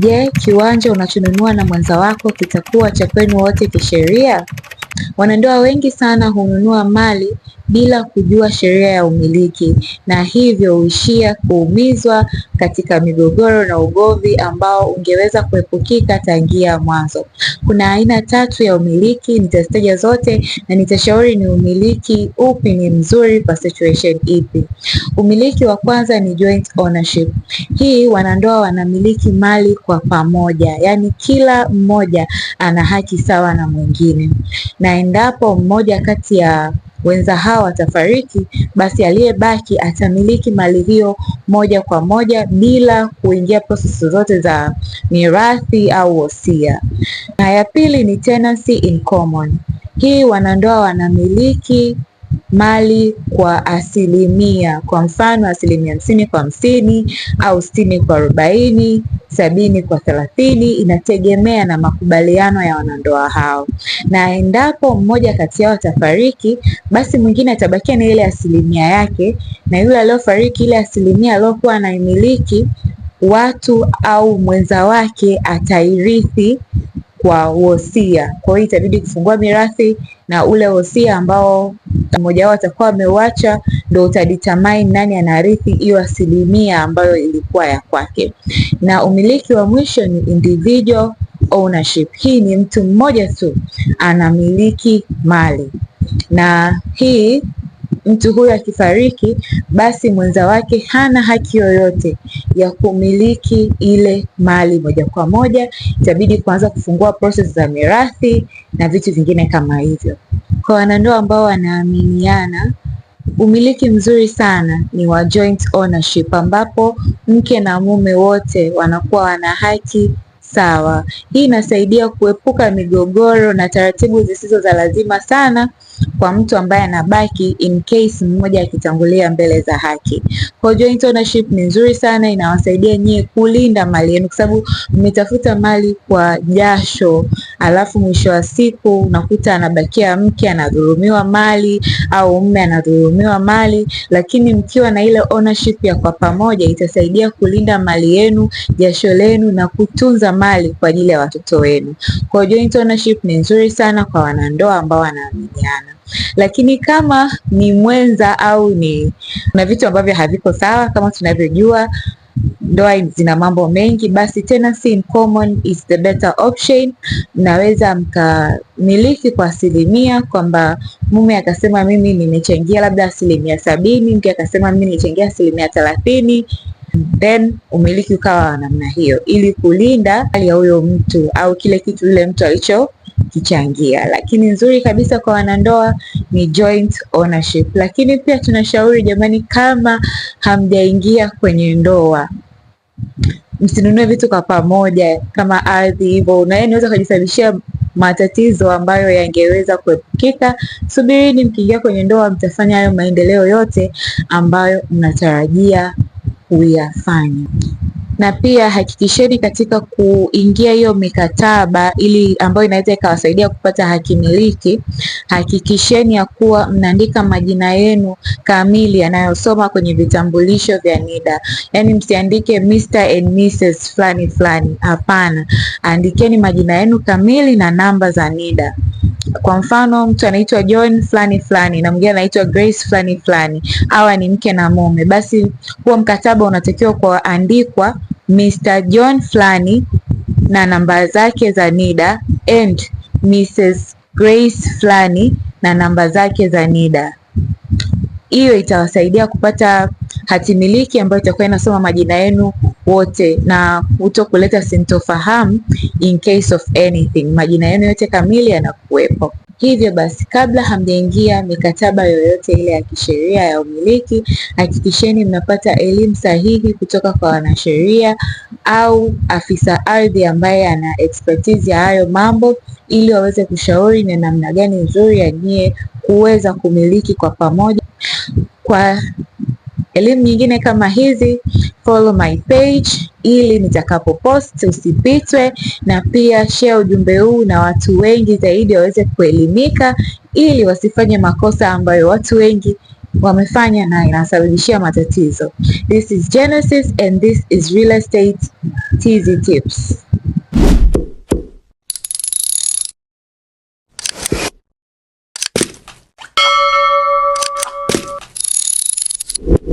Je, kiwanja unachonunua na mwenza wako kitakuwa cha kwenu wote kisheria? Wanandoa wengi sana hununua mali bila kujua sheria ya umiliki na hivyo huishia kuumizwa katika migogoro na ugomvi ambao ungeweza kuepukika tangia mwanzo. Kuna aina tatu ya umiliki, nitazitaja zote na nitashauri ni umiliki upi ni mzuri kwa situation ipi. Umiliki wa kwanza ni joint ownership. Hii wanandoa wanamiliki mali kwa pamoja, yaani kila mmoja ana haki sawa na mwingine, na endapo mmoja kati ya wenza hao watafariki, basi aliyebaki atamiliki mali hiyo moja kwa moja bila kuingia prosesi zote za mirathi au wosia. Na ya pili ni tenancy in common. Hii wanandoa wanamiliki mali kwa asilimia, kwa mfano asilimia hamsini kwa hamsini au sitini kwa arobaini sabini kwa thelathini inategemea na makubaliano ya wanandoa hao, na endapo mmoja kati yao atafariki, basi mwingine atabakia na ile asilimia yake, na yule aliyofariki ile asilimia aliyokuwa anaimiliki watu au mwenza wake atairithi kwa wosia. Kwa hiyo itabidi kufungua mirathi na ule wosia ambao mmoja wao atakuwa ameuacha ndio utaditamai nani anarithi hiyo asilimia ambayo ilikuwa ya kwake. Na umiliki wa mwisho ni individual ownership. Hii ni mtu mmoja tu anamiliki mali, na hii mtu huyu akifariki, basi mwenza wake hana haki yoyote ya kumiliki ile mali moja kwa moja. Itabidi kuanza kufungua proses za mirathi na vitu vingine kama hivyo. Kwa wanandoa ambao wanaaminiana Umiliki mzuri sana ni wa joint ownership ambapo mke na mume wote wanakuwa wana haki sawa. Hii inasaidia kuepuka migogoro na taratibu zisizo za lazima sana kwa mtu ambaye anabaki in case mmoja akitangulia mbele za haki. Kwa joint ownership ni nzuri sana, inawasaidia nyie kulinda mali yenu, kwa sababu mmetafuta mali kwa jasho alafu mwisho wa siku unakuta anabakia mke anadhulumiwa mali au mme anadhulumiwa mali, lakini mkiwa na ile ownership ya kwa pamoja itasaidia kulinda mali yenu, jasho lenu na kutunza mali kwa ajili ya watoto wenu. Kwa joint ownership ni nzuri sana kwa wanandoa ambao wanaaminiana lakini kama ni mwenza au ni kuna vitu ambavyo haviko sawa, kama tunavyojua ndoa zina mambo mengi, basi tenancy in common is the better option. Mnaweza mkamiliki kwa asilimia, kwamba mume akasema mimi nimechangia labda asilimia sabini, mke akasema mimi nimechangia asilimia thelathini then umiliki ukawa wa namna hiyo, ili kulinda hali ya huyo mtu au kile kitu yule mtu alichokichangia. Lakini nzuri kabisa kwa wanandoa ni joint ownership. Lakini pia tunashauri jamani, kama hamjaingia kwenye ndoa msinunue vitu kwa pamoja kama ardhi hivyo, na yeye anaweza kujisababishia matatizo ambayo yangeweza kuepukika. Subirini, mkiingia kwenye ndoa mtafanya hayo maendeleo yote ambayo mnatarajia kuyafanya na pia hakikisheni katika kuingia hiyo mikataba ili ambayo inaweza ikawasaidia kupata haki miliki, hakikisheni ya kuwa mnaandika majina yenu kamili yanayosoma kwenye vitambulisho vya NIDA. Yani msiandike Mr and Mrs fulani fulani, hapana, andikeni majina yenu kamili na namba za NIDA. Kwa mfano mtu anaitwa John fulani fulani na mwingine anaitwa Grace fulani fulani, hawa ni mke na mume, basi huo mkataba unatakiwa kuandikwa Mr. John flani na namba zake za NIDA and Mrs. Grace flani na namba zake za NIDA. Hiyo itawasaidia kupata hatimiliki ambayo itakuwa inasoma majina yenu wote na kuto kuleta sintofahamu in case of anything. Majina yenu yote kamili yanakuwepo. Hivyo basi, kabla hamjaingia mikataba yoyote ile ya kisheria ya umiliki, hakikisheni mnapata elimu sahihi kutoka kwa wanasheria au afisa ardhi ambaye ana expertise ya hayo mambo, ili waweze kushauri ni namna gani nzuri ya nyie kuweza kumiliki kwa pamoja kwa Elimu nyingine kama hizi, follow my page ili nitakapo post usipitwe, na pia share ujumbe huu na watu wengi zaidi waweze kuelimika, ili wasifanye makosa ambayo watu wengi wamefanya na inasababishia matatizo. This is Genesis and this is Real Estate TZ Tips.